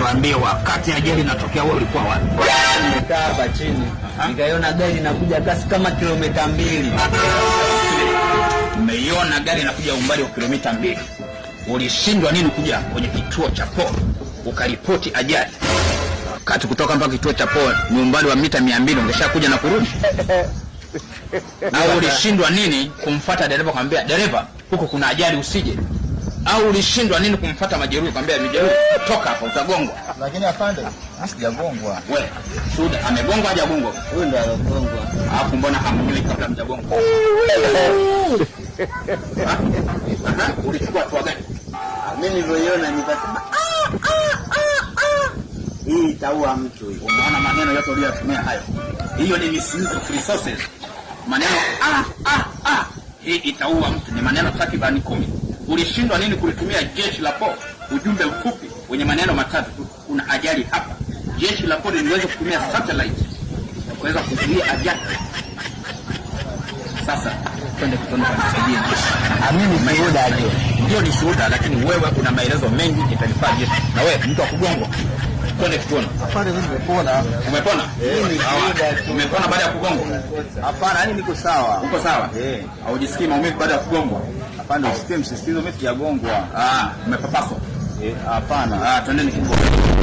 tuambie, wakati ajali inatokea wewe ulikuwa wapi? Nimekaa hapa chini nikaiona gari inakuja kasi kama kilomita mbili. Umeiona gari inakuja umbali wa kilomita mbili, ulishindwa nini kuja kwenye kituo cha po ukaripoti ajali? Kati kutoka mpaka kituo cha po ni umbali wa mita mia mbili, ungeshakuja na kurudi au ulishindwa nini kumfuata dereva, kumwambia dereva, huko kuna ajali, usije au ulishindwa nini kumfuata majeruhi? Kwambia majeruhi toka hapa, utagongwa. Lakini afande, sijagongwa. Wewe shuhuda, amegongwa hajagongwa? Huyu ndo alogongwa. Alafu mbona hamuli kabla mjagongwa? Ulichukua hatua gani? Mimi nilivyoiona nikasema ah, ah, ah, hii itaua mtu. Umeona maneno yote uliyotumia hayo, hiyo ni misuse resources. Maneno ah, ah, ah, hii itaua mtu ni maneno takribani kumi. Ulishindwa nini kulitumia jeshi la po? Ujumbe mfupi wenye maneno matatu tu, kuna ajali hapa. Jeshi la po liliweza kutumia satellite kuweza kuzuia ajali. Sasa kutona Amini shuhuda ndio ni shuhuda, lakini wewe una maelezo mengi itanifaa jeshi, na wewe mtu kugongwa kwenda kupona? Hapana, mimi nimepona. Umepona? Umepona baada ya kugongwa? Hapana, yani niko sawa. Uko sawa? Eh. Haujisikii maumivu baada ya kugongwa? Hapana, usikie msisitizo, mimi sijagongwa. Ah, umepapaswa? Eh, hapana. Ah, twendeni kidogo.